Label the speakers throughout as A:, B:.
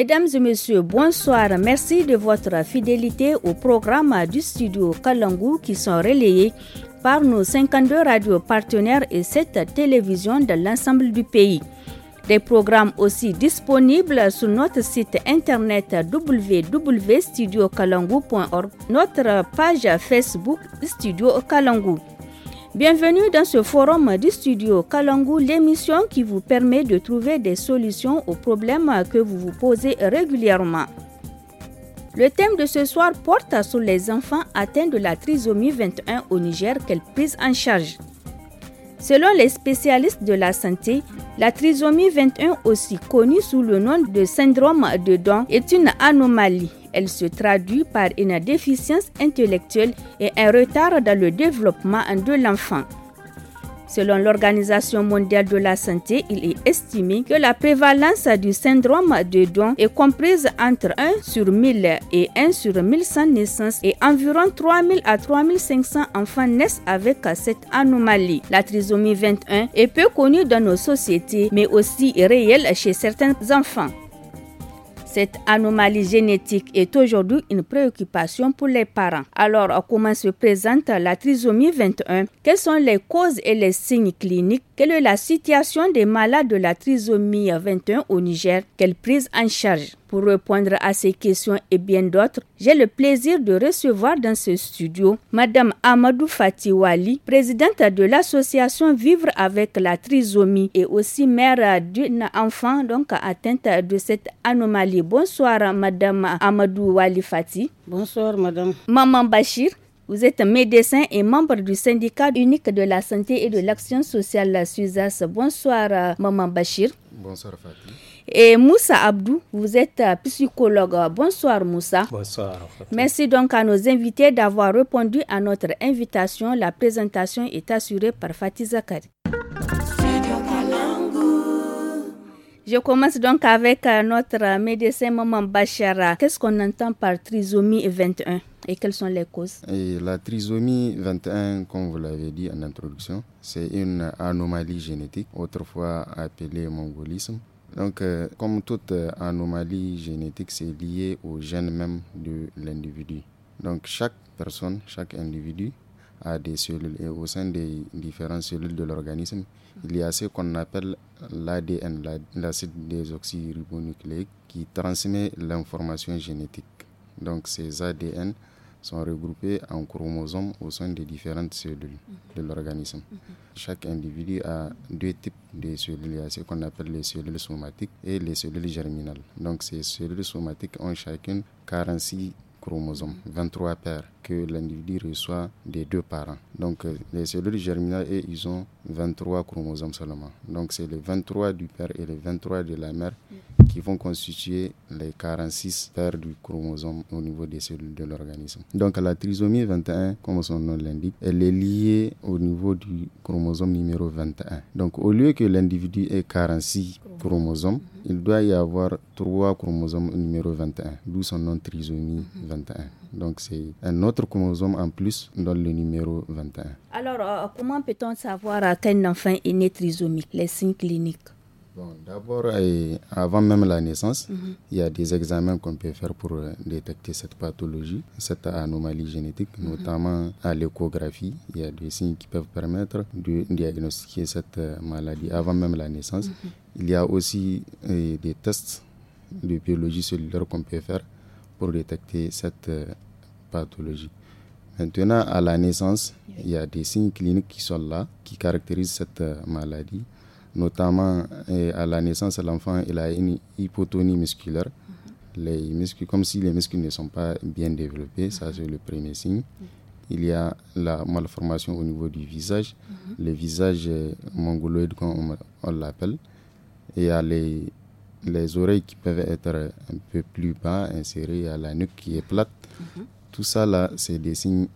A: Mesdames et messieurs, bonsoir. Merci de votre fidélité au programme du studio Kalangou qui sont relayés par nos 52 radios partenaires et cette télévision de l'ensemble du pays. Des programmes aussi disponibles sur notre site internet www.studiokalangou.org, notre page Facebook Studio Kalangu. Bienvenue dans ce forum du studio Kalangu, l'émission qui vous permet de trouver des solutions aux problèmes que vous vous posez régulièrement. Le thème de ce soir porte sur les enfants atteints de la trisomie 21 au Niger, quelle prise en charge Selon les spécialistes de la santé, la trisomie 21, aussi connue sous le nom de syndrome de Down, est une anomalie elle se traduit par une déficience intellectuelle et un retard dans le développement de l'enfant. Selon l'Organisation mondiale de la santé, il est estimé que la prévalence du syndrome de Down est comprise entre 1 sur 1000 et 1 sur 1100 naissances et environ 3000 à 3500 enfants naissent avec cette anomalie. La trisomie 21 est peu connue dans nos sociétés mais aussi réelle chez certains enfants. Cette anomalie génétique est aujourd'hui une préoccupation pour les parents. Alors, comment se présente la trisomie 21 Quelles sont les causes et les signes cliniques quelle est la situation des malades de la trisomie 21 au Niger Quelle prise en charge Pour répondre à ces questions et bien d'autres, j'ai le plaisir de recevoir dans ce studio Madame Amadou Wali, présidente de l'association Vivre avec la trisomie et aussi mère d'une enfant donc atteinte de cette anomalie. Bonsoir Madame Amadou Wali Fati. Bonsoir Madame. Maman Bachir. Vous êtes médecin et membre du syndicat unique de la santé et de l'action sociale, la SUSAS. Bonsoir, euh, Maman Bachir.
B: Bonsoir, Fatih.
A: Et Moussa Abdou, vous êtes euh, psychologue. Bonsoir Moussa. Bonsoir. Merci donc à nos invités d'avoir répondu à notre invitation. La présentation est assurée par Fatih Zakari. Je commence donc avec euh, notre médecin Maman Bachara. Qu'est-ce qu'on entend par trisomie 21 et quelles sont les causes
B: et La trisomie 21, comme vous l'avez dit en introduction, c'est une anomalie génétique, autrefois appelée mongolisme. Donc, euh, comme toute euh, anomalie génétique, c'est lié au gène même de l'individu. Donc, chaque personne, chaque individu a des cellules et au sein des différentes cellules de l'organisme, il y a ce qu'on appelle l'ADN, l'acide désoxyribonucléique, qui transmet l'information génétique. Donc ces ADN sont regroupés en chromosomes au sein des différentes cellules de l'organisme. Chaque individu a deux types de cellules. Il y a ce qu'on appelle les cellules somatiques et les cellules germinales. Donc ces cellules somatiques ont chacune 46 chromosomes, 23 paires que l'individu reçoit des deux parents. Donc euh, les cellules germinales, et ils ont 23 chromosomes seulement. Donc c'est les 23 du père et les 23 de la mère qui vont constituer les 46 paires du chromosome au niveau des cellules de l'organisme. Donc la trisomie 21, comme son nom l'indique, elle est liée au niveau du chromosome numéro 21. Donc au lieu que l'individu ait 46 chromosomes, il doit y avoir 3 chromosomes numéro 21, d'où son nom trisomie 21. Donc c'est un autre chromosome en plus dans le numéro 21.
A: Alors euh, comment peut-on savoir qu'un enfant est né trisomique Les signes cliniques Bon,
B: d'abord, avant même la naissance, mhm. il y a des examens qu'on peut faire pour euh, détecter cette pathologie, cette anomalie génétique, mhm. notamment à l'échographie. Il y a des signes qui peuvent permettre de diagnostiquer cette euh, maladie avant même la naissance. Mhm. Il y a aussi des tests de biologie cellulaire qu'on peut faire pour détecter cette euh, pathologie. Maintenant, à la naissance, il y a des signes cliniques qui sont là, qui caractérisent cette euh, maladie. Notamment, euh, à la naissance, l'enfant il a une hypotonie musculaire. Mhm. Les muscles, comme si les muscles ne sont pas bien développés, ça mhm. c'est le premier signe. Mhm. Il y a la malformation au niveau du visage, le visage mongoloïde comme on, l'appelle. Il y a les les oreilles qui peuvent être un peu plus bas, insérées à la nuque qui est plate. Mhm. Tout ça, là, c'est des signes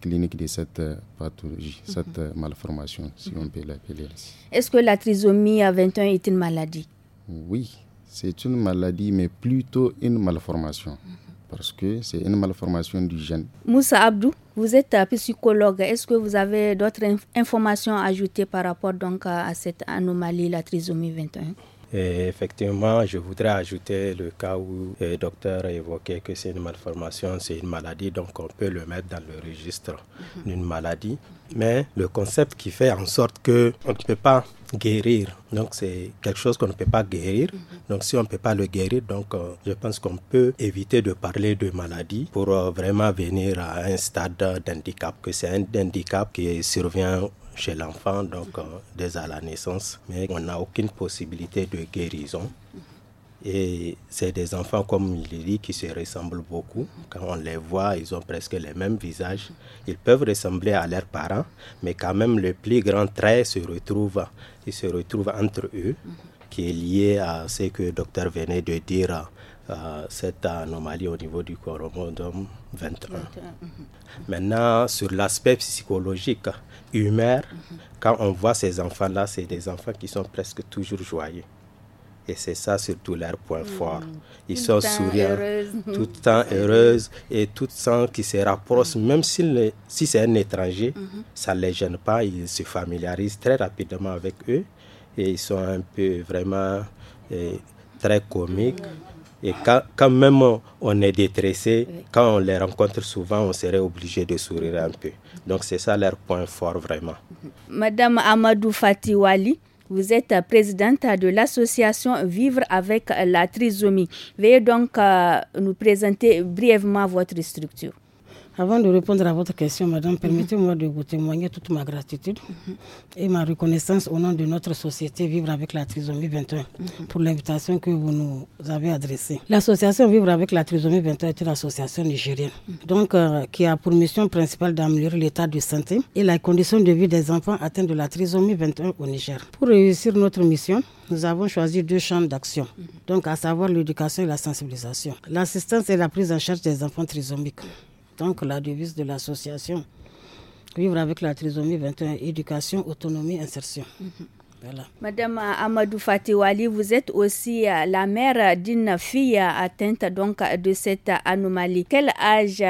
B: cliniques de cette euh, pathologie, mhm. cette euh, malformation, si on peut l'appeler ainsi.
A: Est-ce que la trisomie à 21 est une maladie
B: Oui, c'est une maladie, mais plutôt une malformation mhm. parce que c'est une malformation du gène.
A: Moussa Abdou, vous êtes euh, psychologue. Est-ce que vous avez d'autres informations à ajouter par rapport donc à, cette anomalie, la trisomie 21
B: et
C: effectivement, je voudrais ajouter le cas où euh, le docteur a évoqué que c'est une malformation, c'est une maladie, donc on peut le mettre dans le registre mhm. d'une maladie. Mais le concept qui fait en sorte que on ne peut pas guérir, donc c'est quelque chose qu'on ne peut pas guérir. Mhm. Donc si on ne peut pas le guérir, donc euh, je pense qu'on peut éviter de parler de maladie pour euh, vraiment venir à un stade d'handicap, que c'est un handicap qui survient chez l'enfant, donc euh, dès à la naissance, mais on n'a aucune possibilité de guérison. Et c'est des enfants, comme il dit, qui se ressemblent beaucoup. Quand on les voit, ils ont presque les mêmes visages. Ils peuvent ressembler à leurs parents, mais quand même, le plus grand trait se retrouve, il se retrouve entre eux, qui est lié à ce que le docteur venait de dire euh, cette anomalie au niveau du monde 21. 21. Maintenant, sur l'aspect psychologique, humeur, mhm. quand on voit ces enfants-là, c'est des enfants qui sont presque toujours joyeux. Et c'est ça surtout leur point mhm. fort. Ils sont souriants, tout le temps heureuses et tout le temps qui se rapprochent, mhm. même si, si c'est un étranger, ça ne les gêne pas, ils se familiarisent très rapidement avec eux et ils sont un peu vraiment eh, très comiques. Et quand, même on est détressé, quand on les rencontre souvent, on serait obligé de sourire un peu. Donc c'est ça leur point fort vraiment.
A: Madame Amadou Fatiwali, vous êtes présidente de l'association Vivre avec la trisomie. Veuillez donc euh, nous présenter brièvement votre structure.
D: Avant de répondre à votre question, madame, permettez-moi de vous témoigner toute ma gratitude et ma reconnaissance au nom de notre société Vivre avec la trisomie 21 pour l'invitation que vous nous avez adressée. L'association Vivre avec la trisomie 21 est une association nigérienne donc, euh, qui a pour mission principale d'améliorer l'état de santé et la condition de vie des enfants atteints de la trisomie 21 au Niger. Pour réussir notre mission, nous avons choisi deux champs d'action, donc à savoir l'éducation et la sensibilisation, l'assistance et la prise en charge des enfants trisomiques que la devise de l'association. Vivre avec la trisomie 21, éducation, autonomie, insertion.
A: Mm-hmm. Madame Amadou Fatiwali, vous êtes aussi euh, la mère d'une fille atteinte donc de cette anomalie. Quel âge euh,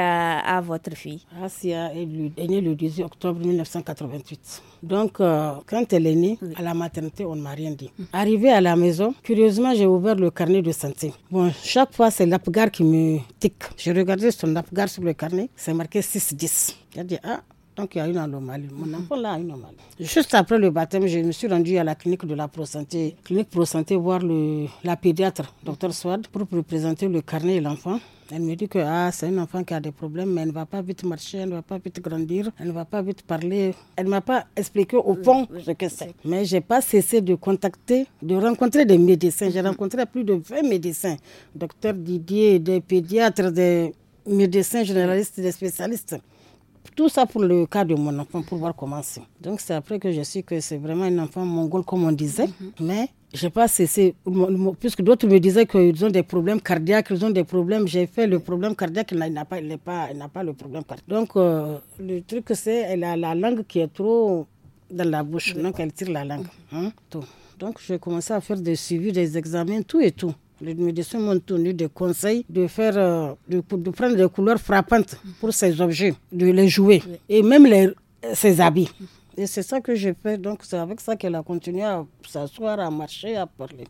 A: a votre fille
D: Asia ah, euh, est née le 18 octobre 1988. Donc, quand elle est née, à la maternité, on ne m'a rien dit. Arrivée à la maison, curieusement, j'ai ouvert le carnet de santé. Bon, chaque fois, c'est l'APGAR qui me tique. J'ai regardé son APGAR sur le carnet, c'est marqué 6-10. J'ai dit, ah, donc y a une anomalie. Mon mhm. enfant là a une anomalie. Juste après le baptême, je me suis rendue à la clinique de la prosanté, clinique prosanté voir le, la pédiatre, docteur Swad, pour lui présenter le carnet et l'enfant. Elle me dit que ah, c'est un enfant qui a des problèmes, mais elle ne va pas vite marcher, elle ne va pas vite grandir, elle ne va pas vite parler. Elle ne m'a pas expliqué au fond ce que c'est. Mais je n'ai pas cessé de contacter, de rencontrer des médecins. J'ai mhm. rencontré plus de 20 médecins, docteur Didier, des pédiatres, des médecins généralistes, des spécialistes. Tout ça pour le cas de mon enfant, pour voir comment c'est. Donc c'est après que je suis que c'est vraiment un enfant mongol, comme on disait. Mhm. Mais je sais pas cessé, puisque d'autres me disaient qu'ils ont des problèmes cardiaques, ils ont des problèmes. J'ai fait le problème cardiaque, il n'a pas, pas, pas le problème cardiaque. Donc euh, le truc, c'est a la langue qui est trop dans la bouche, donc elle tire la langue. Mhm. Hein, tout. Donc j'ai commencé à faire des suivis, des examens, tout et tout. Les médecins m'ont donné des conseils de, faire, euh, de, prendre des couleurs frappantes pour ces objets, de les jouer, et même ses habits. Et c'est ça que
A: j'ai fait. Donc, c'est avec ça qu'elle a continué à s'asseoir, à marcher, à parler.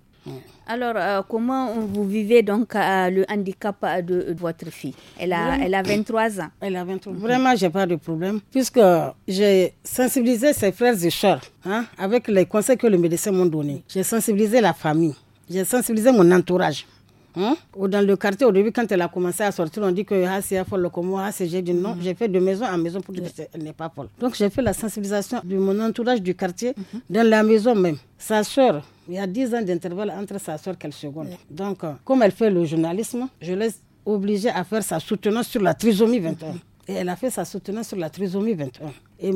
A: Alors, euh, comment vous vivez donc euh, le handicap de, votre fille elle a, elle a 23 ans. Elle a 23 mhm. Vraiment,
D: je n'ai pas de problème, puisque j'ai sensibilisé ses frères et sœurs hein, avec les conseils que les médecins m'ont donnés. J'ai sensibilisé la famille. J'ai sensibilisé mon entourage. Hein? Ou dans le quartier, au début, quand elle a commencé à sortir, on dit que c'est ah, c'est folle comme moi, ah, j'ai dit non, mm-hmm. j'ai fait de maison en maison pour dire qu'elle n'est pas folle. Donc j'ai fait la sensibilisation de mon entourage du quartier, mm-hmm. dans la maison même. Sa soeur, il y a 10 ans d'intervalle entre sa soeur qu'elle seconde. Donc, euh, comme elle fait le journalisme, je l'ai obligée à faire sa soutenance sur la trisomie 21. Mm-hmm. Et elle a fait sa soutenance sur la trisomie 21. Et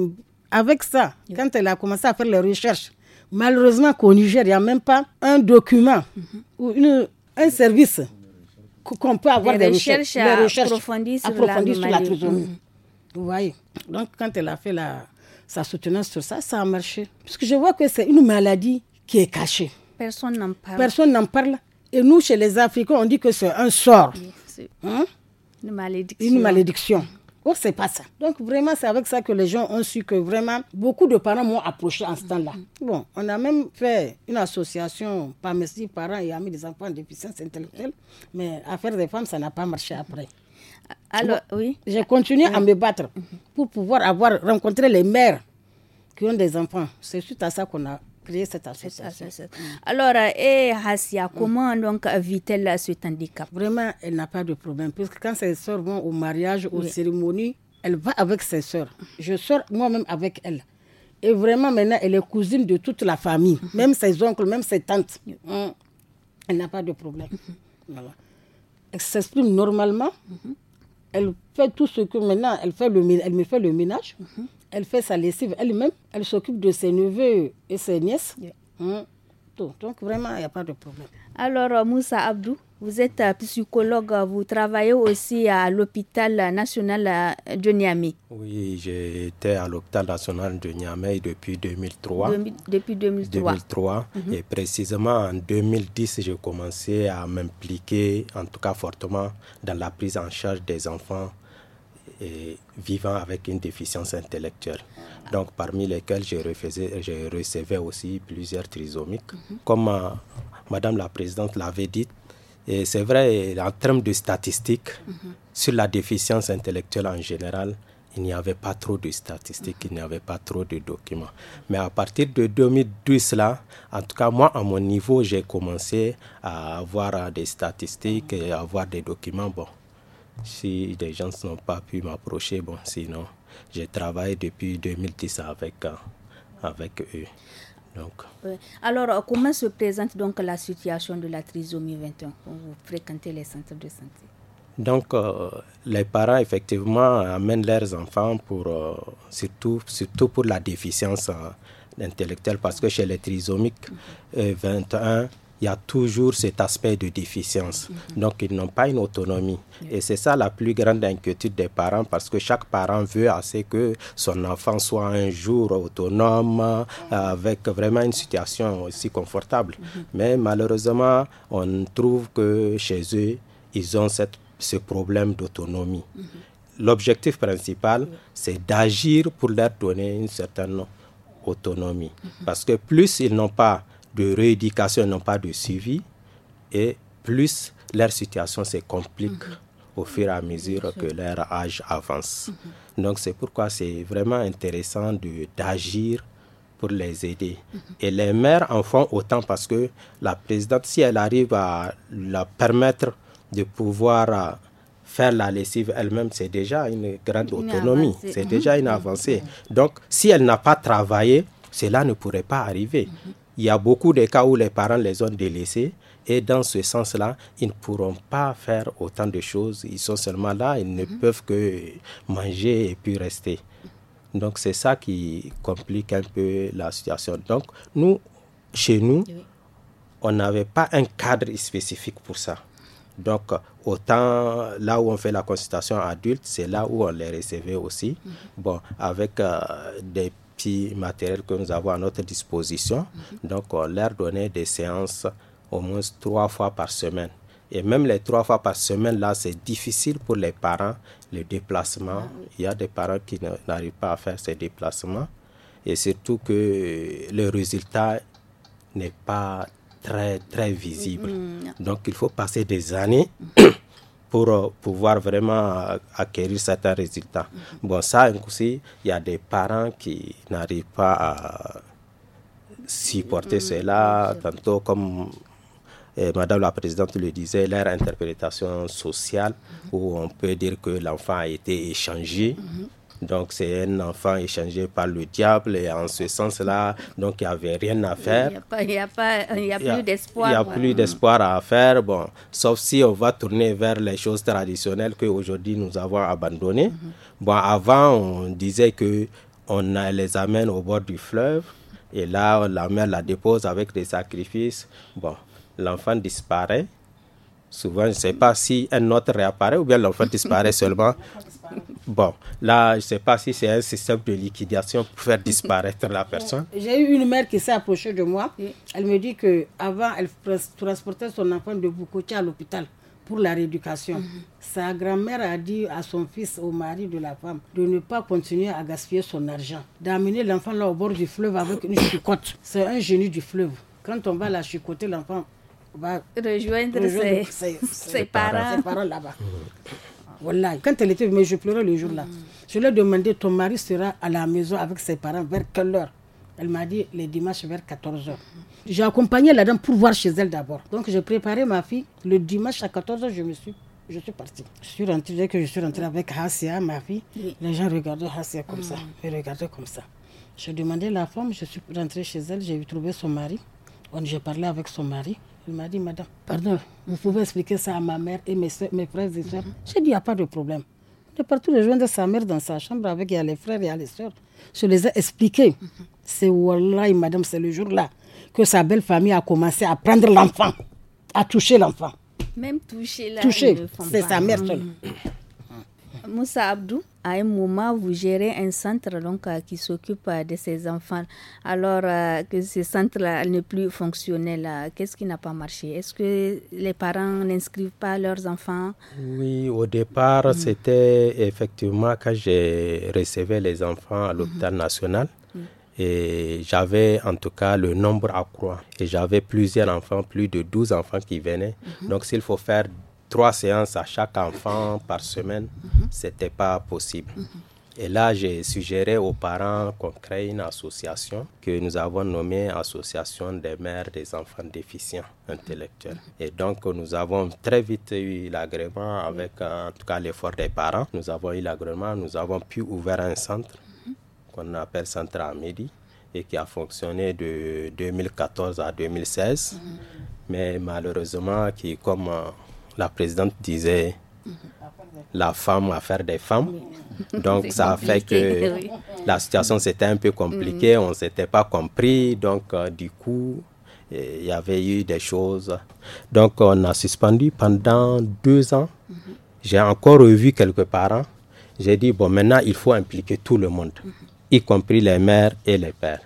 D: avec ça, quand elle a commencé à faire les recherches, Malheureusement qu'au Niger, il n'y a même pas un document mhm. ou une, un service qu'on peut avoir des, recherches, approfondies sur, la trisomie. Mhm. Vous voyez Donc, quand elle a fait la, sa soutenance sur ça, ça a marché. Parce que je vois que c'est une maladie qui est cachée.
A: Personne n'en parle. Personne
D: n'en parle. Et nous, chez les Africains, on dit que c'est un sort. Hein?
A: Une malédiction. Une
D: malédiction. Oh, c'est pas ça. Donc, vraiment, c'est avec ça que les gens ont su que vraiment, beaucoup de parents m'ont approché en ce mm-hmm. temps-là. Mm-hmm. Bon, on a même fait une association, par mes parents et amis des enfants en déficience intellectuelle, mais affaire des femmes, ça n'a pas marché après. Ah, alors, oui. J'ai continué à me battre mm-hmm. pour pouvoir avoir rencontré les mères qui ont des enfants. C'est suite à ça qu'on a créer cette association.
A: Alors, et eh, Hassia, mm. comment
D: donc vit-elle euh, ce handicap Vraiment, elle n'a pas de problème, Parce que quand ses soeurs vont au mariage, aux cérémonies, elle va avec ses soeurs. Je sors moi-même avec elle. Et vraiment, maintenant, elle est cousine de toute la famille, mm-hmm. même ses oncles, même ses tantes. Hein? Elle n'a pas de problème. Mm-hmm. Elle s'exprime normalement. Mm-hmm. Elle fait tout ce que maintenant, elle, fait le, elle me fait le ménage elle fait sa lessive elle-même, elle, s'occupe de
A: ses neveux et ses nièces. Hein? Donc vraiment, il n'y a pas de problème. Alors, euh, Moussa Abdou, vous êtes euh, psychologue, euh, vous travaillez aussi à l'hôpital national de Niamey.
C: Oui, j'ai été à l'hôpital national de Niamey depuis 2003.
A: depuis 2003.
C: Mhm. Et précisément en 2010, j'ai commencé à m'impliquer, en tout cas fortement, dans la prise en charge des enfants et vivant avec une déficience intellectuelle. Donc, parmi lesquels je, recevais aussi plusieurs trisomiques. Mhm. Comme euh, Madame la Présidente l'avait dit, et c'est vrai, en termes de statistiques, mhm. sur la déficience intellectuelle en général, il n'y avait pas trop de statistiques, il n'y avait pas trop de documents. Mais à partir de 2012, là, en tout cas, moi, à mon niveau, j'ai commencé à avoir euh, des statistiques et à avoir des documents. Bon, si des gens n'ont pas pu m'approcher, bon, sinon, je travaille depuis 2010 avec, euh, avec eux. Donc.
A: Alors, euh, comment se présente donc la situation de la trisomie 21 quand vous fréquentez les centres de santé
C: donc, euh, les parents, effectivement, amènent leurs enfants pour, surtout, surtout pour la déficience intellectuelle, parce que chez les trisomiques 21, il y a toujours cet aspect de déficience. Mhm. Donc, ils n'ont pas une autonomie. Et c'est ça la plus grande inquiétude des parents parce que chaque parent veut assez que son enfant soit un jour autonome, avec vraiment une situation aussi confortable. Mhm. Mais malheureusement, on trouve que chez eux, ils ont ce problème d'autonomie. Mhm. L'objectif principal, c'est d'agir pour leur donner une certaine autonomie. Parce que plus ils n'ont pas de rééducation n'ont pas de suivi et plus leur situation se complique mhm. au fur et à mesure mhm. que leur âge avance. Mhm. Donc c'est pourquoi c'est vraiment intéressant d'agir pour les aider. Et les mères en font autant parce que la présidente, si elle arrive à leur permettre de pouvoir euh, faire la lessive elle-même, c'est déjà une grande autonomie, c'est déjà une avancée. Donc si elle n'a pas travaillé, cela ne pourrait pas arriver il y a beaucoup de cas où les parents les ont délaissés. Et dans ce sens-là, ils ne pourront pas faire autant de choses. Ils sont seulement là, ils ne mhm. peuvent que manger et puis rester. Donc c'est ça qui complique un peu la situation. Donc nous, chez nous, on n'avait pas un cadre spécifique pour ça. Donc autant là où on fait la consultation adulte, c'est là où on les recevait aussi. Mhm. Bon, avec euh, des petits matériels que nous avons à notre disposition. Mhm. Donc, on leur donnait des séances au moins trois fois par semaine. Et même les trois fois par semaine, là, c'est difficile pour les parents, le déplacement. Ah il y a des parents qui n'arrivent pas à faire ces déplacements. Et surtout que le résultat n'est pas très, très visible. Mm, mm, Donc, il faut passer des années. Mm. pour euh, pouvoir vraiment euh, acquérir certains résultats. Mhm. Bon, ça aussi, il y a des parents qui n'arrivent pas à supporter mhm. cela, tantôt comme eh, Madame la Présidente le disait, leur interprétation sociale, mhm. où on peut dire que l'enfant a été échangé. Donc c'est un enfant échangé par le diable et en ce sens-là, donc il n'y avait rien à faire.
A: Il n'y a, plus d'espoir. Il n'y a plus d'espoir
C: à faire, bon, sauf si on va tourner vers les choses traditionnelles qu'aujourd'hui nous avons abandonnées. Mhm. Bon, avant, on disait que on les amène au bord du fleuve et là, la mère la dépose avec des sacrifices. Bon, l'enfant disparaît. Souvent, je ne sais pas si un autre réapparaît ou bien l'enfant disparaît seulement. Bon, là, je ne sais pas si c'est un système de liquidation pour faire disparaître la personne.
D: J'ai eu une mère qui s'est approchée de moi. Elle me dit que avant, elle transportait son enfant de Bukotia à l'hôpital pour la rééducation. Mhm. Sa grand-mère a dit à son fils, au mari de la femme, de ne pas continuer à gaspiller son argent, d'amener l'enfant là au bord du fleuve avec une chicote. C'est un génie du fleuve. Quand on va la chicoter, l'enfant va
A: rejoindre, ses, ses, parents, parents là-bas. Mhm.
D: Voilà, quand elle était, mais je pleurais le jour-là. Mm. Je lui ai demandé, ton mari sera à la maison avec ses parents vers quelle heure Elle m'a dit, le dimanche vers 14h. J'ai accompagné la dame pour voir chez elle d'abord. Donc j'ai préparé ma fille. Le dimanche à 14h, je me suis je suis partie. Je suis rentrée, que je suis rentrée avec Hassia, ma fille, les gens regardaient Hassia comme ça. Mm. Ils regardaient comme ça. Je demandais la femme, je suis rentrée chez elle, j'ai trouvé son mari. J'ai parlé avec son mari. Il m'a dit, madame, pardon, vous pouvez expliquer ça à ma mère et mes, frères et soeurs. Mhm. J'ai dit, il n'y a pas de problème. De partout rejoindre sa mère dans sa chambre avec les frères et les soeurs. Je les ai expliqués. Mhm. C'est Wallah, madame, c'est le jour-là que sa belle famille a commencé à prendre l'enfant, à toucher l'enfant.
A: Même toucher l'enfant. Toucher, c'est sa mère seule. Moussa Abdou, à un moment, vous gérez un centre donc, euh, qui s'occupe euh, de ces enfants, alors euh, que ce centre n'est plus fonctionnel. Qu'est-ce qui n'a pas marché Est-ce que les parents n'inscrivent pas leurs enfants
C: Oui, au départ, mm. c'était effectivement quand j'ai recevé les enfants à mm-hmm. l'hôpital national mm. et j'avais en tout cas le nombre à croire. Et j'avais plusieurs enfants, plus de 12 enfants qui venaient. Mm-hmm. Donc s'il faut faire trois séances à chaque enfant par semaine, mhm. c'était ce n'était pas possible. Mhm. Et là, j'ai suggéré aux parents qu'on crée une association que nous avons nommée Association des mères des enfants déficients intellectuels. Mhm. Et donc, nous avons très vite eu l'agrément avec, en tout cas, l'effort des parents. Nous avons eu l'agrément, nous avons pu ouvrir un centre qu'on appelle Centre Amélie et qui a fonctionné de 2014 à 2016, mais malheureusement qui, comme euh, la présidente disait la femme à faire des femmes. Donc ça a fait que la situation s'était un peu compliquée, mm-hmm. on ne s'était pas compris. Donc euh, du coup, euh, il y avait eu des choses. Donc on a suspendu pendant deux ans. Mm-hmm. J'ai encore revu quelques parents. J'ai dit, bon, maintenant, il faut impliquer tout le monde, mm-hmm. y compris les mères et les pères.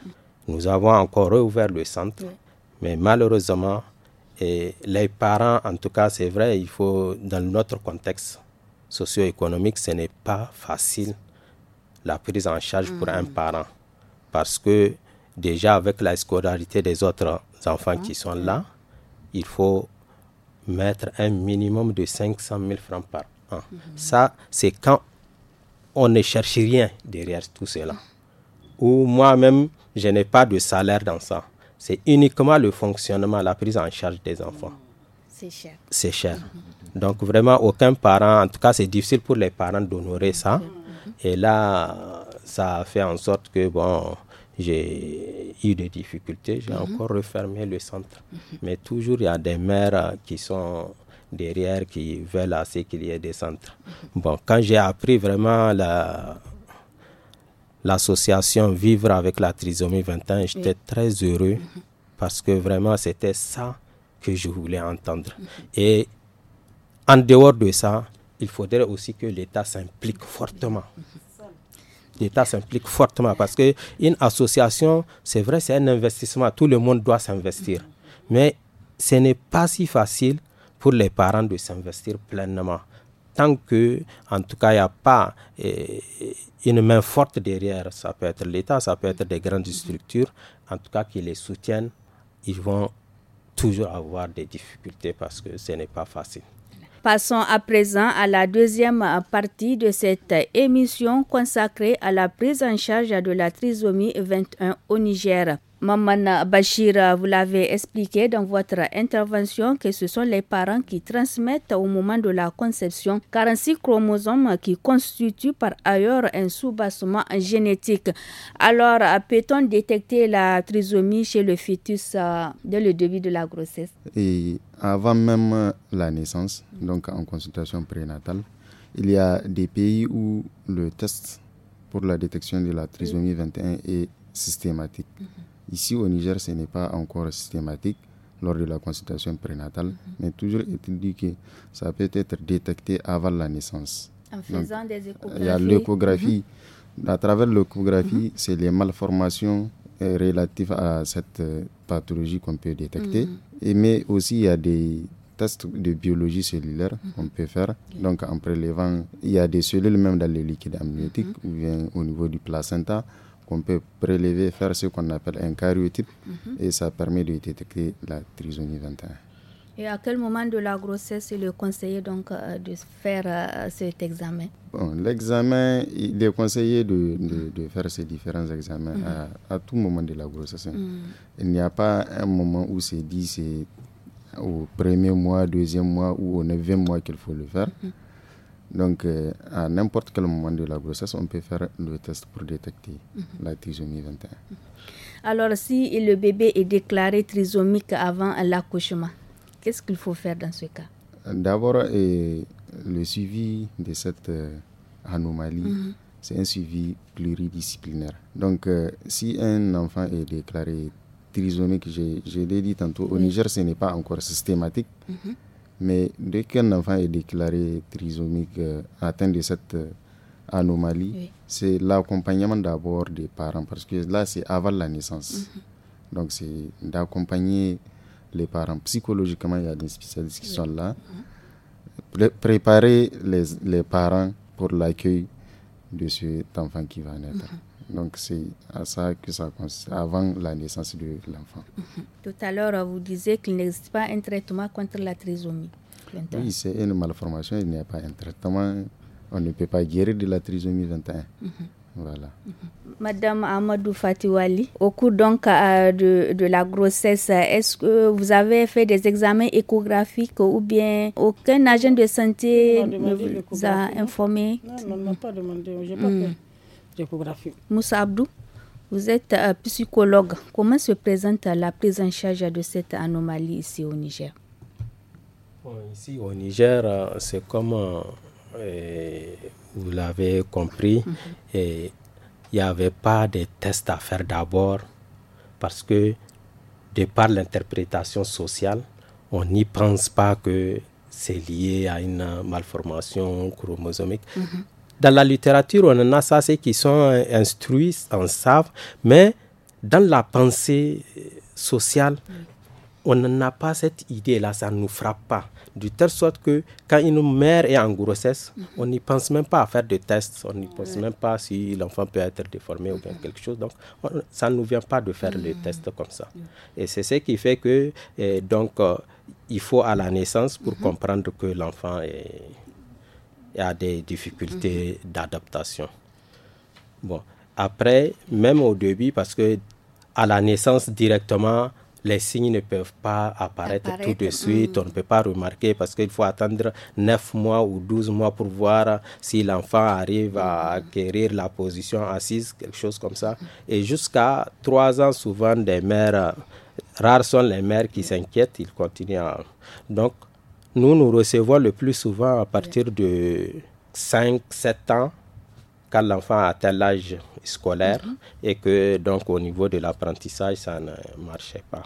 C: Nous avons encore rouvert le centre, mais malheureusement, et les parents, en tout cas, c'est vrai, il faut, dans notre contexte socio-économique, ce n'est pas facile la prise en charge pour un mm. parent. Parce que déjà, avec la scolarité des autres enfants qui mm-hmm. sont là, il faut mettre un minimum de 500 000 francs par an. Mm-hmm. Ça, c'est quand on ne cherche rien derrière tout cela. Ou moi-même, je n'ai pas de salaire dans ça c'est uniquement le fonctionnement, la prise en charge des enfants. Mm. C'est cher. C'est cher. Donc vraiment, aucun parent, en tout cas, c'est difficile pour les parents d'honorer ça. Mm-hmm. Et là, ça a fait en sorte que, bon, j'ai eu des difficultés. J'ai mm-hmm. encore refermé le centre. Mm-hmm. Mais toujours, il y a des mères euh, qui sont derrière, qui veulent assez qu'il y ait des centres. Bon, quand j'ai appris vraiment la, l'association Vivre avec la trisomie 21, j'étais très heureux mhm. parce que vraiment c'était ça que je voulais entendre. Et en dehors de ça, il faudrait aussi que l'État s'implique fortement. Mhm. L'État s'implique fortement parce que une association, c'est vrai, c'est un investissement. Tout le monde doit s'investir. Mhm. Mais ce n'est pas si facile pour les parents de s'investir pleinement tant que, en tout cas, il n'y a pas eh, une main forte derrière, ça peut être l'État, ça peut être des grandes structures, en tout cas, qui les soutiennent, ils vont toujours avoir des difficultés parce que ce n'est pas facile.
A: Passons à présent à la deuxième partie de cette émission consacrée à la prise en charge de la trisomie 21 au Niger. Maman Bachir, vous l'avez expliqué dans votre intervention que ce sont les parents qui transmettent au moment de la conception 46 chromosomes qui constituent par ailleurs un soubassement génétique. Alors, peut-on détecter la trisomie chez le fœtus euh, dès le début de la grossesse
B: Et avant même la naissance, donc en consultation prénatale, il y a des pays où le test pour la détection de la trisomie 21 est systématique. Mm-hmm. Ici au Niger, ce n'est pas encore systématique lors de la consultation prénatale, mhm. mais toujours est-il dit que ça peut être détecté avant la naissance.
A: En faisant des échographies. Il y a l'échographie.
B: À travers l'échographie, mhm. c'est les malformations euh, relatives à cette euh, pathologie qu'on peut détecter. Mhm. Et, mais aussi, il y a des tests de biologie cellulaire qu'on peut faire. Donc, en prélevant, il y a des cellules même dans les liquides amniotiques ou bien au niveau du placenta qu'on peut prélever, faire ce qu'on appelle un cariotype, mhm. et ça permet de détecter la trisomie 21.
A: Et à quel moment de la grossesse est est conseillé donc euh, de faire euh, cet examen
B: L'examen, il est conseillé de, faire ces différents examens mhm. à, tout moment de la grossesse. Mhm. Il n'y a pas un moment où c'est dit c'est au premier mois, deuxième mois ou au neuvième mois qu'il faut le faire. Donc, euh, à n'importe quel moment de la grossesse, on peut faire le test pour détecter mhm. la trisomie 21. Mhm.
A: Alors, si le bébé est déclaré trisomique avant l'accouchement, qu'est-ce qu'il faut faire dans ce cas
B: D'abord, euh, le suivi de cette euh, anomalie, mhm. c'est un suivi pluridisciplinaire. Donc, si un enfant est déclaré trisomique, j'ai je dit tantôt, au Niger, ce n'est pas encore systématique. Mais dès qu'un enfant est déclaré trisomique euh, atteint de cette euh, anomalie, c'est l'accompagnement d'abord des parents, parce que là, c'est avant la naissance. Mhm. Donc, c'est d'accompagner les parents. Psychologiquement, il y a des spécialistes qui sont là. Mhm. préparer les, parents pour l'accueil de cet enfant qui va naître. Mhm. Donc c'est à ça que ça consiste, avant la naissance de l'enfant. Mhm.
A: Tout à l'heure, vous disiez qu'il n'existe pas un traitement contre la trisomie. Oui, c'est
B: une malformation, il n'y a pas un traitement. On ne peut pas guérir de la trisomie 21. Mhm. Voilà. Mhm.
A: Madame Amadou Fatiwali, au cours donc euh, de, la grossesse, est-ce que vous avez fait des examens échographiques ou bien aucun agent de santé vous a informé Non, on ne m'a pas demandé, je n'ai pas hmm. fait. Moussa Abdou, vous êtes euh, psychologue. Comment se présente la prise en charge de cette anomalie ici au Niger
C: Ici au Niger, euh, c'est comme euh, vous l'avez compris, mhm. il n'y avait pas de test à faire d'abord parce que de par l'interprétation sociale, on n'y pense pas que c'est lié à une malformation chromosomique. Mhm. Dans la littérature, on en a ça, ceux qui sont instruits en savent, mais dans la pensée sociale, on n'en a pas cette idée-là, ça ne nous frappe pas. De telle sorte que quand une mère est en grossesse, on n'y pense même pas à faire de tests, on n'y pense même pas si l'enfant peut être déformé ou bien quelque chose. Donc, ça ne nous vient pas de faire le mm. test comme ça. Mm. Et c'est ce qui fait que, eh, donc, euh, il faut à la naissance pour mm-hmm. comprendre que l'enfant est il y a des difficultés d'adaptation. Bon, après, même au début, parce que à la naissance directement, les signes ne peuvent pas apparaître, tout de mm. suite, on ne peut pas remarquer parce qu'il faut attendre 9 mois ou 12 mois pour voir si l'enfant arrive à mm. acquérir la position assise, quelque chose comme ça. Et jusqu'à 3 ans, souvent, des mères, rares sont les mères qui s'inquiètent, ils continuent à... Donc, nous, nous recevons le plus souvent à partir de 5-7 ans, quand l'enfant atteint tel âge scolaire mhm. et que donc au niveau de l'apprentissage, ça ne marchait pas.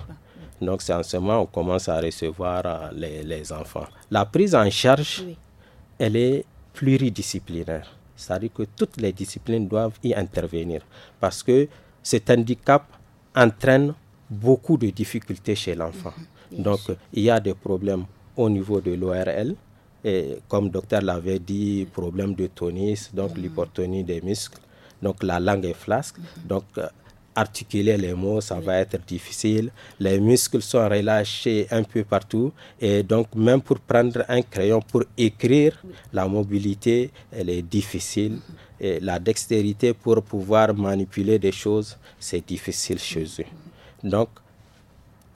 C: Donc c'est en ce moment on commence à recevoir euh, les, enfants. La prise en charge, elle est pluridisciplinaire. C'est-à-dire que toutes les disciplines doivent y intervenir parce que cet handicap entraîne beaucoup de difficultés chez l'enfant. Mhm. Donc il y a des problèmes au niveau de l'ORL. Et comme docteur l'avait dit, problème de tonus, donc mm. l'hypertonie des muscles, donc la langue est flasque. Mm-hmm. Donc euh, articuler les mots, ça va être difficile. Les muscles sont relâchés un peu partout. Et donc même pour prendre un crayon pour écrire, la mobilité, elle est difficile. Mm-hmm. Et la dextérité pour pouvoir manipuler des choses, c'est difficile chez eux. Mm-hmm. Donc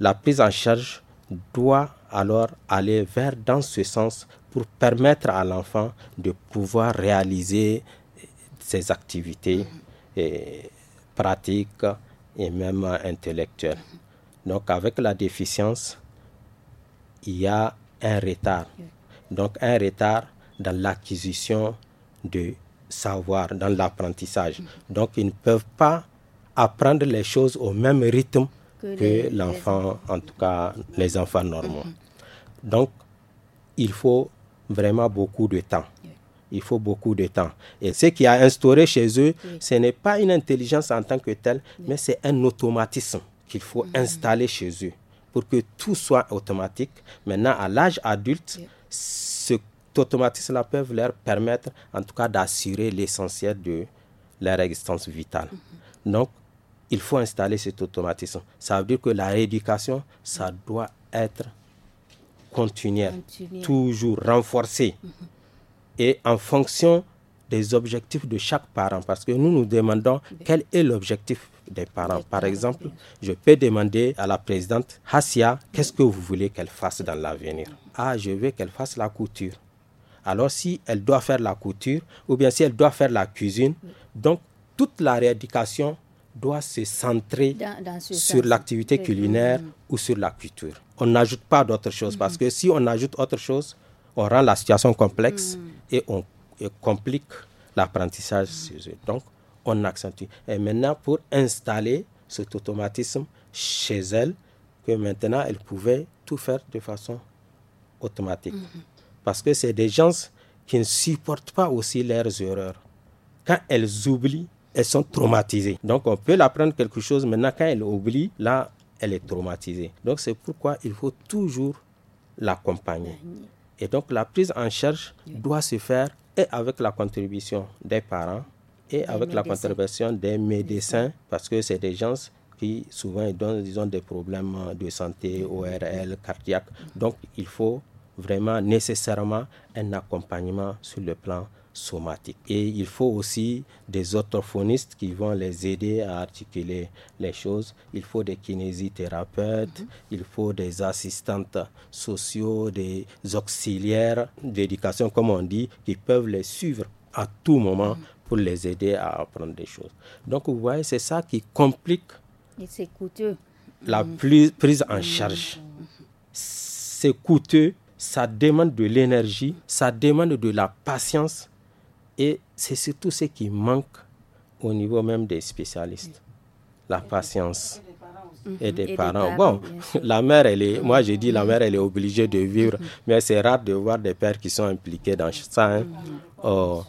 C: la prise en charge doit alors aller vers dans ce sens pour permettre à l'enfant de pouvoir réaliser ses activités et eh, pratiques et même intellectuelles. Donc avec la déficience, il y a un retard. Donc un retard dans l'acquisition de savoir, dans l'apprentissage. Donc ils ne peuvent pas apprendre les choses au même rythme que l'enfant, en tout cas les enfants normaux. Donc, il faut vraiment beaucoup de temps. Il faut beaucoup de temps. Et ce qui a instauré chez eux, ce n'est pas une intelligence en tant que telle, mais c'est un automatisme qu'il faut mm. installer chez eux pour que tout soit automatique. Maintenant, à l'âge adulte, cet automatisme-là peut leur permettre, en tout cas, d'assurer l'essentiel de leur existence vitale. Mm-hmm. Donc, il faut installer cet automatisme. Ça veut dire que la rééducation, ça doit être continuelle, toujours renforcée. Mhm. Et en fonction des objectifs de chaque parent, parce que nous nous demandons quel est l'objectif des parents. Par exemple, je peux demander à la présidente Hassia, qu'est-ce que vous voulez qu'elle fasse dans l'avenir Ah, je veux qu'elle fasse la couture. Alors si elle doit faire la couture, ou bien si elle doit faire la cuisine, donc toute la rééducation doit se centrer
A: sur l'activité culinaire
C: ou sur la culture. On n'ajoute pas d'autres choses parce mm-hmm. que si on ajoute autre chose, on rend la situation complexe mm-hmm. et on complique l'apprentissage mm-hmm. Donc, on accentue. Et maintenant, pour installer cet automatisme chez elle, que maintenant, elle pouvait tout faire de façon automatique. Parce que c'est des gens qui ne supportent pas aussi leurs erreurs. Quand elles oublient, elles sont traumatisées. Donc on peut l'apprendre quelque chose, maintenant quand elle oublie, là, elle est traumatisée. Donc c'est pourquoi il faut toujours l'accompagner. Et donc la prise en charge doit se faire et avec la contribution des parents et avec la contribution des médecins, parce que c'est des gens qui souvent ils ont des problèmes de santé, ORL, cardiaque. Mm. Donc il faut vraiment nécessairement un accompagnement sur le plan somatique Et il faut aussi des orthophonistes qui vont les aider à articuler les choses. Il faut des kinésithérapeutes, mhm. il faut des assistantes sociaux, des auxiliaires d'éducation, comme on dit, qui peuvent les suivre à tout moment mhm. pour les aider à apprendre des choses. Donc vous voyez, c'est ça qui complique la mhm. prise en charge. C'est coûteux, ça demande de l'énergie, ça demande de la patience et c'est surtout ce qui manque au niveau même des spécialistes, la patience mhm. et des, parents. Bon, la mère, elle est, moi je dis la mère, elle est obligée de vivre, mhm. mais c'est rare de voir des pères qui sont impliqués dans ça. Hein. Mhm. Oh.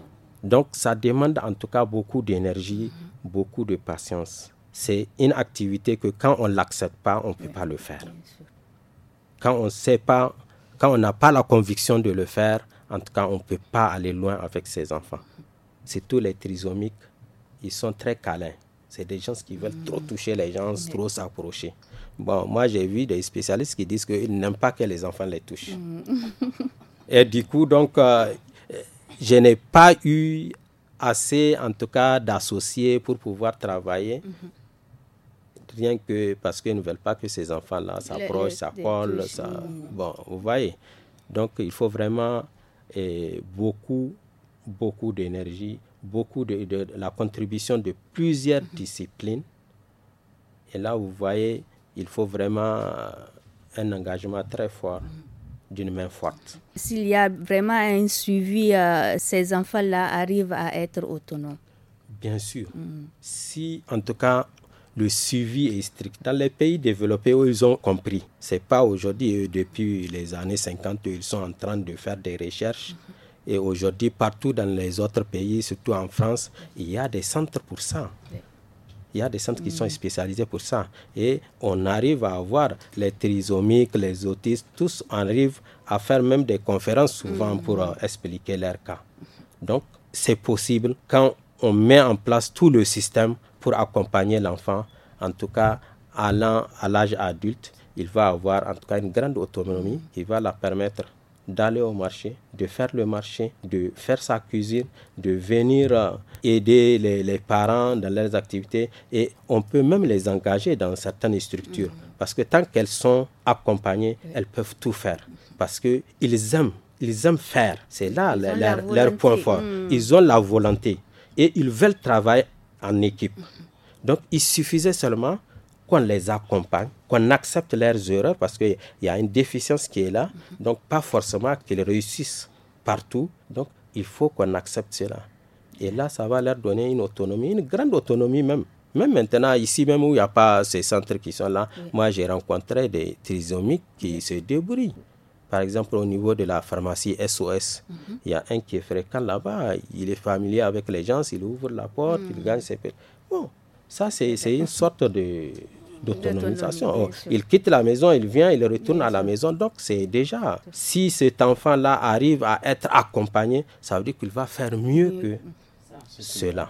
C: donc ça demande en tout cas beaucoup d'énergie, beaucoup de patience. C'est une activité que quand on ne l'accepte pas, on ne peut pas le faire. Quand on sait pas, quand on n'a pas la conviction de le faire, en tout cas, on ne peut pas aller loin avec ces enfants. C'est tous les trisomiques, ils sont très câlins. C'est des gens qui veulent trop toucher les gens, mm. trop s'approcher. Bon, moi j'ai vu des spécialistes qui disent qu'ils n'aiment pas que les enfants les touchent. Mm. Et du coup, donc, euh, je n'ai pas eu assez, en tout cas, d'associés pour pouvoir travailler. Mm-hmm. Rien que parce qu'ils ne veulent pas que ces enfants-là s'approchent, ça ça... Mm. Bon, vous voyez. Donc, il faut vraiment et beaucoup, beaucoup d'énergie, beaucoup de, la contribution de plusieurs mhm. disciplines. Et là, vous voyez, il faut vraiment euh, un engagement très fort mhm. d'une main forte.
A: S'il y a vraiment un suivi, euh, ces enfants-là arrivent à être autonomes.
C: Bien sûr. Mhm. Si, en tout cas, le suivi est strict. Dans les pays développés où ils ont compris, c'est pas aujourd'hui, euh, depuis les années 50, ils sont en train de faire des recherches. Et aujourd'hui, partout dans les autres pays, surtout en France, il y a des centres pour ça. Il y a des centres qui sont spécialisés pour ça. Et on arrive à avoir les trisomiques, les autistes, tous arrivent à faire même des conférences souvent mm. pour euh, expliquer leur cas. Donc, c'est possible quand on met en place tout le système pour accompagner l'enfant, en tout cas allant à l'âge adulte, il va avoir en tout cas une grande autonomie qui va la permettre d'aller au marché, de faire le marché, de faire sa cuisine, de venir euh, aider les, parents dans leurs activités et on peut même les engager dans certaines structures mm. parce que tant qu'elles sont accompagnées, elles peuvent tout faire parce qu'ils aiment, ils aiment faire. C'est là leur, leur, point fort. Mm. Ils ont la volonté et ils veulent travailler en équipe. Donc, il suffisait seulement qu'on les accompagne, qu'on accepte leurs erreurs parce qu'il y a une déficience qui est là. Donc, pas forcément qu'ils réussissent partout. Donc, il faut qu'on accepte cela. Et là, ça va leur donner une autonomie, une grande autonomie même. Même maintenant, ici même où il n'y a pas ces centres qui sont là, moi j'ai rencontré des trisomiques qui se débrouillent. Par exemple, au niveau de la pharmacie SOS, mhm. il y a un qui est fréquent là-bas, il est familier avec les gens, il ouvre la porte, il mhm. gagne ses pères. Bon, ça, c'est une sorte de d'autonomisation. Oh, il quitte la maison, il vient, il retourne à la maison. Donc, c'est déjà, si cet enfant-là arrive à être accompagné, ça veut dire qu'il va faire mieux que cela.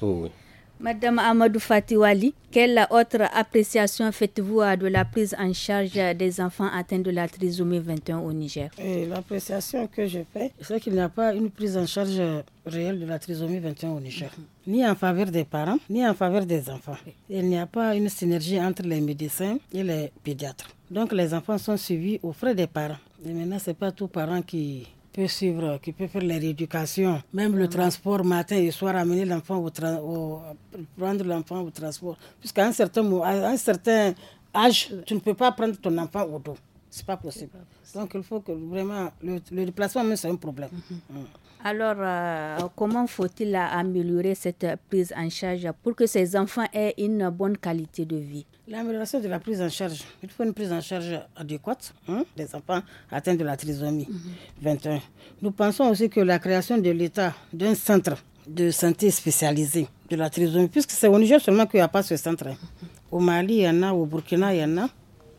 C: oui.
A: Madame Amadou Fatiwali, quelle autre appréciation faites-vous de la prise en charge des enfants atteints de la trisomie 21 au Niger
D: L'appréciation que je fais, c'est qu'il n'y a pas une prise en charge réelle de la trisomie 21 au Niger, mm-hmm. ni en faveur des parents, ni en faveur des enfants. Il n'y a pas une synergie entre les médecins et les pédiatres. Donc les enfants sont suivis aux frais des parents. Et maintenant, ce n'est pas tous parents qui peut suivre, qui peut faire la rééducation, même le ah. transport matin et soir, amener l'enfant au, prendre l'enfant au transport. Puisqu'à un certain, un certain âge, tu ne peux pas prendre ton enfant au dos. C'est pas possible. Donc il faut que vraiment le, le déplacement c'est un problème. Mm-hmm. Mm.
A: Alors, euh, comment faut-il améliorer cette prise en charge pour que ces enfants aient une bonne qualité de vie
D: L'amélioration de la prise en charge, il faut une prise en charge adéquate hein, des enfants atteints de la trisomie 21. Mhm. Nous pensons aussi que la création de l'État d'un centre de santé spécialisé de la trisomie, puisque c'est au Niger seulement qu'il n'y a pas ce centre. Hein. Au Mali, il y en a, au Burkina, il y en a.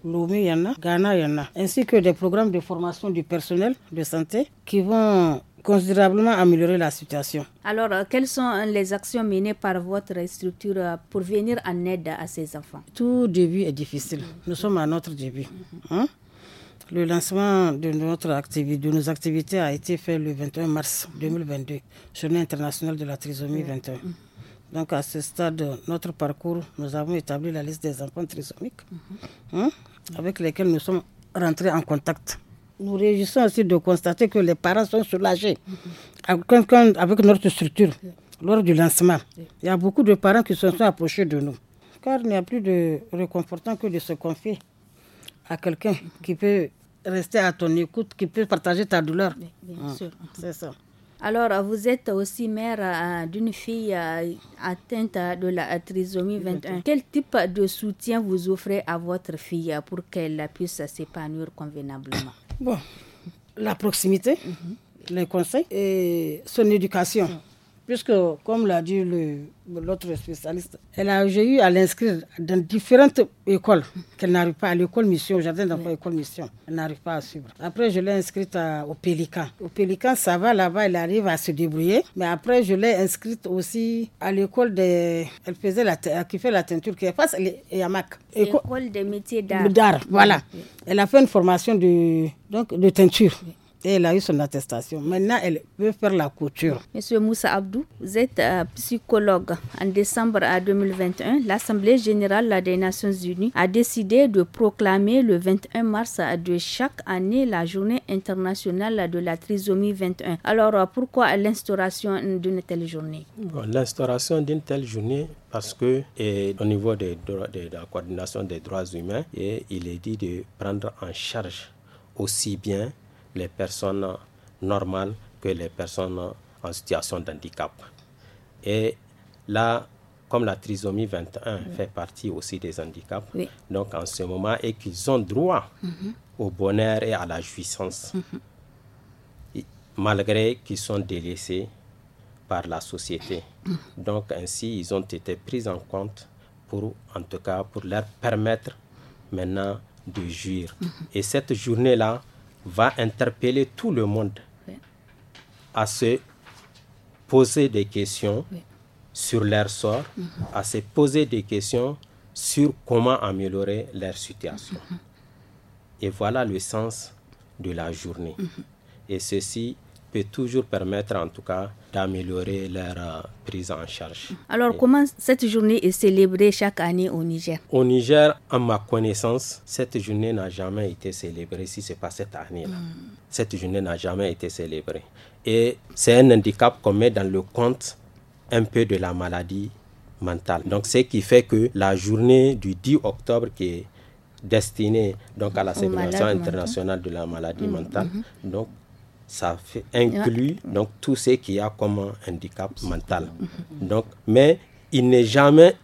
D: Lomé, il y en a, Ghana, il y en a, ainsi que des programmes de formation du personnel de santé qui vont considérablement améliorer la situation.
A: Alors, euh, quelles sont euh, les actions menées par votre structure euh, pour venir en aide à ces enfants
D: Tout début est difficile. Nous sommes à notre début. Hein. Le lancement de, notre activité, nos activités a été fait le 21 mars 2022, Journée internationale de la trisomie 21. Donc à ce stade, notre parcours, nous avons établi la liste des enfants trisomiques hein, avec lesquels nous sommes rentrés en contact nous réussissons aussi de constater que les parents sont soulagés avec notre structure lors du lancement. Il y a beaucoup de parents qui se sont approchés de nous. Car il n'y a plus de réconfortant que de se confier à quelqu'un qui peut rester à ton écoute, qui peut partager ta douleur. bien ah, sûr.
A: C'est ça. Alors, vous êtes aussi mère euh, d'une fille euh, atteinte de la trisomie 21. Quel type de soutien vous offrez à votre fille pour qu'elle puisse s'épanouir convenablement
D: Bon, la proximité, mhm. les conseils et son éducation puisque, comme l'a dit l'autre spécialiste, elle j'ai eu à l'inscrire dans différentes écoles qu'elle n'arrive pas à l'école mission, au jardin d'enfants école mission. Elle n'arrive pas à suivre. Après, je l'ai inscrite au Pélican. Au Pélican, ça va là-bas, elle arrive à se débrouiller. Mais après, je l'ai inscrite aussi à l'école des. Elle faisait la, qui fait la teinture, qui est face à Yamak. École
A: des métiers d'art. D'art, voilà.
D: Elle a fait une formation de, donc, de teinture elle a eu son
A: attestation. Maintenant, elle peut faire la couture. Monsieur Moussa Abdou, vous êtes euh, psychologue. En décembre 2021, l'Assemblée générale des Nations unies a décidé de proclamer le 21 mars de chaque année la journée internationale de la trisomie 21. Alors, euh, pourquoi l'instauration d'une telle journée
C: L'instauration d'une telle journée parce que eh, au niveau de, la coordination des droits humains, eh, il est dit de prendre en charge aussi bien les personnes normales que les personnes en situation d'handicap. Et là, comme la trisomie 21 fait partie aussi des handicaps, donc en ce moment, et qu'ils ont droit mhm. au bonheur et à la jouissance, mhm. malgré qu'ils sont délaissés par la société. Mhm. Donc ainsi, ils ont été pris en compte pour, en tout cas, pour leur permettre maintenant de jouir. Et cette journée-là, va interpeller tout le monde à se poser des questions sur leur sort, mhm. à se poser des questions sur comment améliorer leur situation. Mhm. Et voilà le sens de la journée. Mhm. Et ceci peut toujours permettre en tout cas d'améliorer leur euh, prise en charge.
A: Alors comment cette journée est célébrée chaque année au Niger
C: Au Niger, à ma connaissance, cette journée n'a jamais été célébrée, si ce n'est pas cette année-là. Hmm. Cette journée n'a jamais été célébrée. Et c'est un handicap qu'on met dans le compte un peu de la maladie mentale. Donc ce qui fait que la journée du 10 octobre qui est destinée donc à la célébration internationale de la maladie hmm, mentale, hmm, donc ça fait, inclut donc tout ce qui y a comme handicap mental. Donc, mais il n'est jamais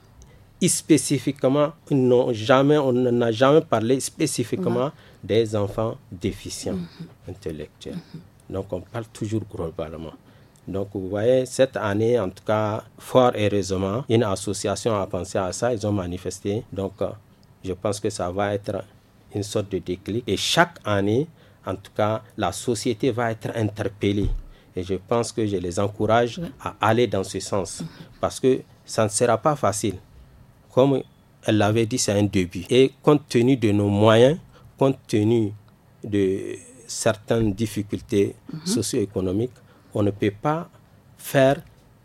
C: spécifiquement, jamais, on n'a jamais parlé spécifiquement des enfants déficients mm-hmm. intellectuels. Mm-hmm. Donc on parle toujours globalement. Donc vous voyez, cette année, en tout cas, fort heureusement, une association a pensé à ça, ils ont manifesté. Donc euh, je pense que ça va être une sorte de déclic. Et chaque année, en tout cas, la société va être interpellée. Et je pense que je les encourage à aller dans ce sens. Parce que ça ne sera pas facile. Comme elle l'avait dit, c'est un début. Et compte tenu de nos moyens, compte tenu de certaines difficultés mhm. socio-économiques, on ne peut pas faire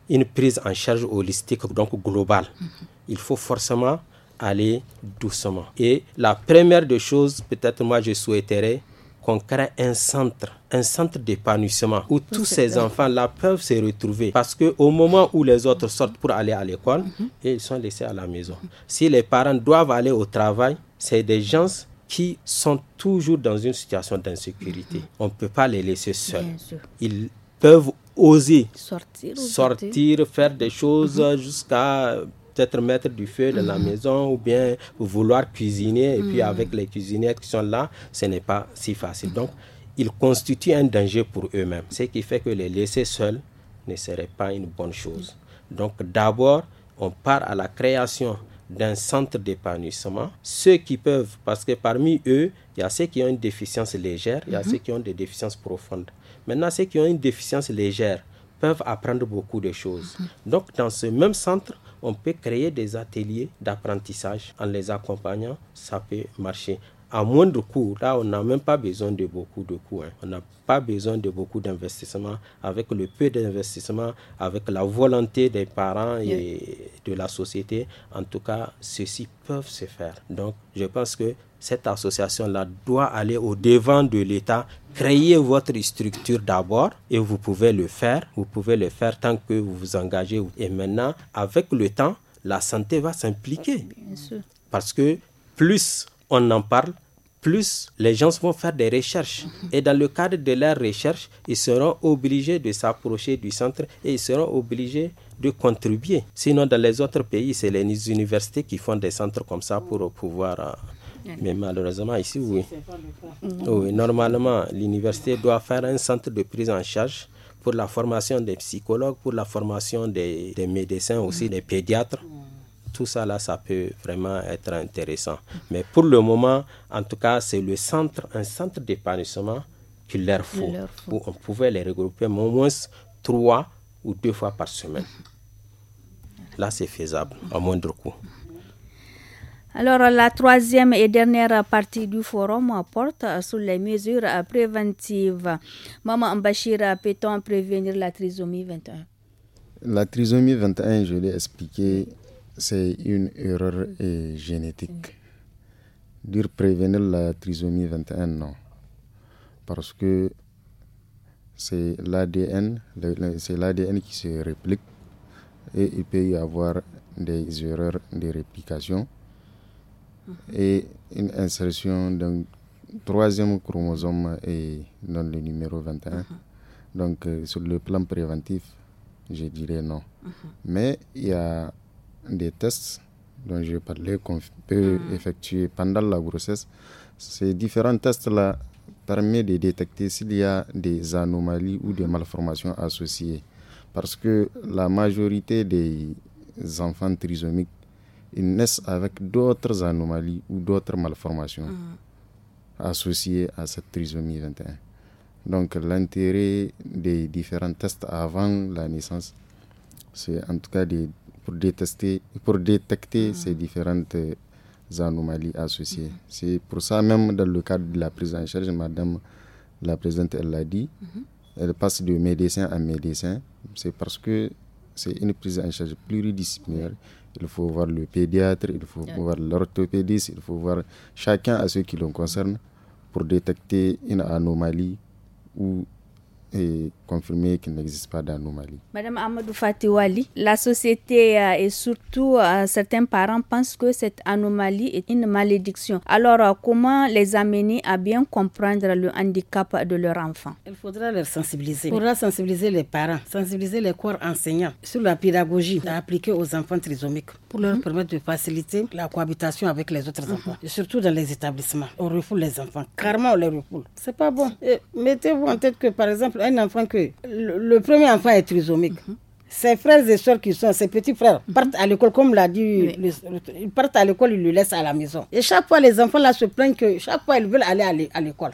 C: une prise en charge holistique, donc globale. Mhm. Il faut forcément aller doucement. Et la première des choses, peut-être moi je souhaiterais, qu'on crée un centre, un centre d'épanouissement où tous ces enfants-là peuvent se retrouver. Parce qu'au moment où les autres sortent pour aller à l'école, mhm. ils sont laissés à la maison. Si les parents doivent aller au travail, c'est des gens qui sont toujours dans une situation d'insécurité. Mhm. On ne peut pas les laisser seuls. Ils peuvent oser sortir, faire des choses mhm. jusqu'à peut-être mettre du feu dans la mhm. maison ou bien vouloir cuisiner. Et puis mhm. avec les cuisinières qui sont là, ce n'est pas si facile. Mhm. Donc, ils constituent un danger pour eux-mêmes. Ce qui fait que les laisser seuls ne serait pas une bonne chose. Donc, d'abord, on part à la création d'un centre d'épanouissement. Ceux qui peuvent, parce que parmi eux, il y a ceux qui ont une déficience légère, il y a ceux qui ont des déficiences profondes. Maintenant, ceux qui ont une déficience légère peuvent apprendre beaucoup de choses. Donc, dans ce même centre, on peut créer des ateliers d'apprentissage en les accompagnant, ça peut marcher à moindre coût. Là, on n'a même pas besoin de beaucoup de coûts. Hein. On n'a pas besoin de beaucoup d'investissement. Avec le peu d'investissement, avec la volonté des parents et de la société, en tout cas, ceux-ci peuvent se faire. Donc, je pense que cette association-là doit aller au devant de l'État. Créez votre structure d'abord et vous pouvez le faire. Vous pouvez le faire tant que vous vous engagez. Et maintenant, avec le temps, la santé va s'impliquer. Parce que plus on en parle, plus les gens vont faire des recherches. Et dans le cadre de leurs recherches, ils seront obligés de s'approcher du centre et ils seront obligés de contribuer. Sinon, dans les autres pays, c'est les universités qui font des centres comme ça pour pouvoir... Euh, mais malheureusement, ici, oui. oui normalement, l'université doit faire un centre de prise en charge pour la formation des psychologues, pour la formation des, des médecins, aussi des pédiatres tout ça là, ça peut vraiment être intéressant. Mais pour le moment, en tout cas, c'est le centre, un centre d'épanouissement qu'il leur faut, on pouvait les regrouper au moins trois ou deux fois par semaine. Mhm. Là, c'est faisable, à moindre coût. Mhm.
A: Alors, la troisième et dernière partie du forum porte sur les mesures préventives. Maman Mbashira, peut-on prévenir la trisomie 21
B: La trisomie 21, je l'ai expliqué, c'est une erreur génétique. Dire prévenir la trisomie 21, non. Parce que c'est l'ADN, c'est l'ADN qui se réplique et il peut y avoir des erreurs de réplication mhm. et une insertion d'un troisième chromosome et dans le numéro 21. Mhm. Donc euh, sur le plan préventif, je dirais non. Mhm. Mais il y a des tests dont je parlais qu'on peut ah. effectuer pendant la grossesse. Ces différents tests-là permettent de détecter s'il y a des anomalies ou des malformations associées. Parce que la majorité des enfants trisomiques, naissent avec d'autres anomalies ou d'autres malformations ah. associées à cette trisomie 21. Donc l'intérêt des différents tests avant la naissance, c'est en tout cas de pour détester, pour détecter mm. ces différentes euh, anomalies associées. Mm-hmm. C'est pour ça même dans le cadre de la prise en charge, Madame la présidente, elle l'a dit, mm-hmm. elle passe de médecin à médecin. C'est parce que c'est une prise en charge pluridisciplinaire. Il faut voir le pédiatre, il faut voir l'orthopédiste, il faut voir chacun à ce qui l'ont concerne pour détecter une anomalie ou confirmer qu'il n'existe pas d'anomalie.
A: Madame Amadou Fatiwali, la société euh, et surtout euh, certains parents pensent que cette anomalie est une malédiction. Alors, euh, comment les amener à bien comprendre le handicap de leur enfant Il
D: faudra les sensibiliser. Il faudra sensibiliser les parents, sensibiliser les corps enseignants sur la pédagogie à appliquer aux enfants trisomiques pour leur mhm. permettre de faciliter la cohabitation avec les autres mhm. enfants, surtout dans les établissements. On refoule les enfants, carrément on les refoule. C'est pas bon. Mettez-vous en tête que par exemple, un enfant qui le, premier enfant est trisomique. Mhm. Ses frères et sœurs qui sont, ses petits frères, mhm. partent à l'école, comme l'a dit, ils partent à l'école, ils le laissent à la maison. Et chaque fois, les enfants là se plaignent que chaque fois, ils veulent aller à l'école.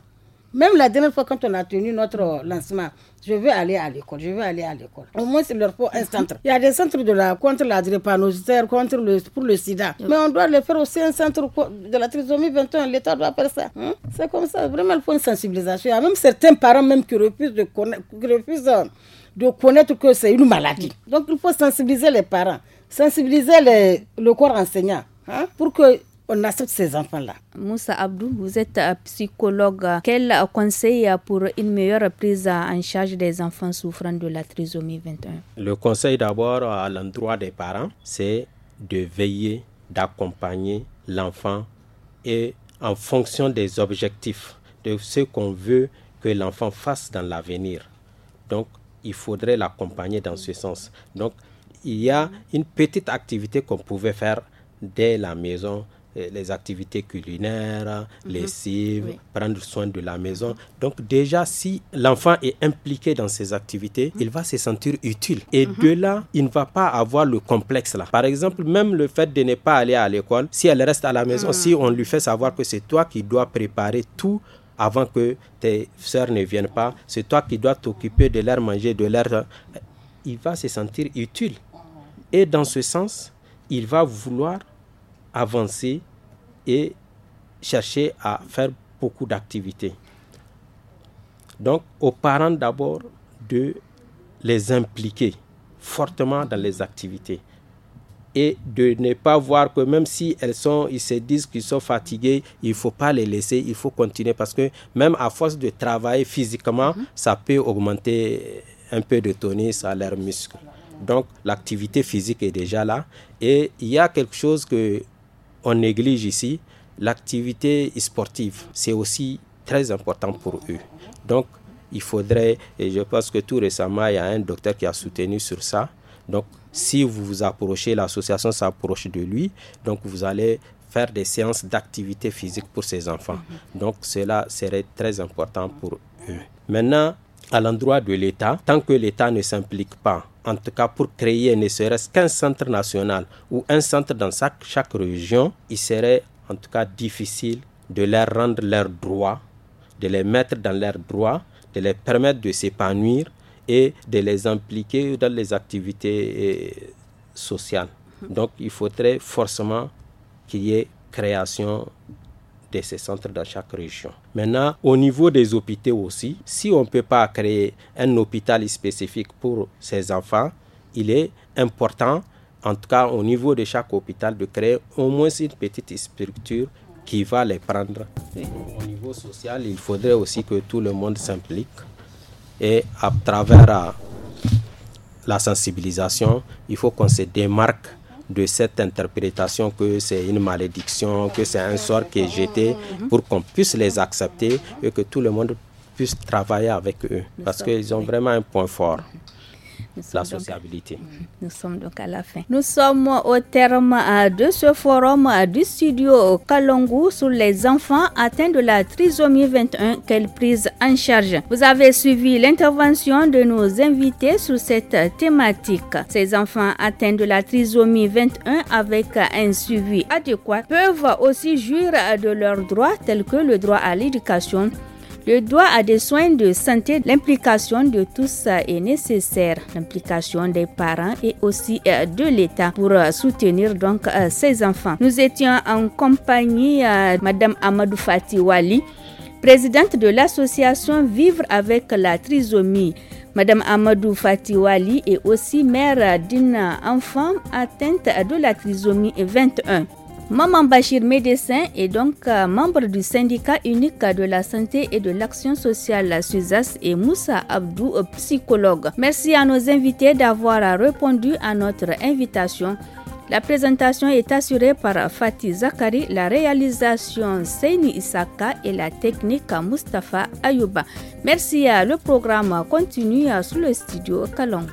D: Même la dernière fois quand on a tenu notre lancement, je veux aller à l'école, je veux aller à l'école. Au moins, il leur faut un centre. Il y a des centres de la, contre la drépanogitaire, contre le, pour le sida. Mais on doit le faire aussi un centre de la trisomie 21. L'État doit faire ça. Hein? C'est comme ça. Vraiment, il faut une sensibilisation. Il y a même certains parents même qui refusent de connaître, euh, que c'est une maladie. Donc, il faut sensibiliser les parents, sensibiliser les, le corps enseignant hein, pour que on a tous ces enfants-là.
A: Moussa Abdou, vous êtes euh, psychologue. Quel euh, conseil euh, pour une meilleure prise en charge des enfants souffrant de la trisomie 21
C: Le conseil d'abord à l'endroit des parents, c'est de veiller, d'accompagner l'enfant et en fonction des objectifs, de ce qu'on veut que l'enfant fasse dans l'avenir. Donc, il faudrait l'accompagner dans ce sens. Donc, il y a une petite activité qu'on pouvait faire dès la maison euh, les activités culinaires, mhm. les cives, prendre soin de la maison. Donc déjà, si l'enfant est impliqué dans ces activités, mhm. il va se sentir utile. Et mhm. de là, il ne va pas avoir le complexe là. Par exemple, même le fait de ne pas aller à l'école, si elle reste à la maison, si on lui fait savoir que c'est toi qui dois préparer tout avant que tes soeurs ne viennent pas, c'est toi qui dois t'occuper de leur manger, de leur... Il va se sentir utile. Et dans ce sens, il va vouloir avancer et chercher à faire beaucoup d'activités. Donc, aux parents d'abord de les impliquer fortement dans les activités et de ne pas voir que même si elles sont, ils se disent qu'ils sont fatigués, il ne faut pas les laisser, il faut continuer parce que même à force de travailler physiquement, mhm. ça peut augmenter un peu de tonus à leurs muscles. Donc l'activité physique est déjà là et il y a quelque chose que on néglige ici l'activité sportive. C'est aussi très important pour eux. Donc, il faudrait, et je pense que tout récemment, il y a un docteur qui a soutenu sur ça. Donc, si vous vous approchez, l'association s'approche de lui, donc vous allez faire des séances d'activité physique pour ces enfants. Donc, cela serait très important pour eux. Maintenant, à l'endroit de l'État, tant que l'État ne s'implique pas, en tout cas pour créer ne serait-ce qu'un centre national ou un centre dans chaque, chaque région, il serait en tout cas difficile de leur rendre leurs droits, de les mettre dans leurs droits, de les permettre de s'épanouir et de les impliquer dans les activités euh, sociales. Hum. Donc il faudrait forcément qu'il y ait création de ces centres dans chaque région. Maintenant, au niveau des hôpitaux aussi, si on ne peut pas créer un hôpital spécifique pour ces enfants, il est important, en tout cas au niveau de chaque hôpital, de créer au moins une petite structure qui va les prendre. au niveau social, il faudrait aussi que tout le monde s'implique et à travers euh, la sensibilisation, il faut qu'on se démarque de cette interprétation que c'est une malédiction, que c'est un sort qui est jeté, pour qu'on puisse les accepter et que tout le monde puisse travailler avec eux. Parce qu'ils ont vraiment un point fort la sociabilité. Mm.
A: nous sommes donc à la fin. Nous sommes au terme euh, de ce forum euh, du studio Kalongu sur les enfants atteints de la trisomie 21, quelle prise en charge. Vous avez suivi l'intervention de nos invités sur cette thématique. Ces enfants atteints de la trisomie 21 avec un suivi adéquat peuvent aussi jouir de leurs droits tels que le droit à l'éducation, le droit à des soins de santé, l'implication de tous euh, est nécessaire, l'implication des parents et aussi euh, de l'État pour euh, soutenir donc ces enfants. Nous étions en compagnie de Madame Amadou Fati Wali, présidente de l'association Vivre avec la trisomie. Madame Amadou Wali est aussi mère d'une enfant atteinte de la trisomie 21. Maman Bachir, médecin, est donc euh, membre du syndicat unique de la santé et de l'action sociale SUSAS et Moussa Abdou, euh, psychologue. Merci à nos invités d'avoir euh, répondu à notre invitation. La présentation est assurée par Fatih Zakari, la réalisation Seini Isaka et la technique Mustafa Ayouba. Merci. Le programme continue sous le studio Kalong.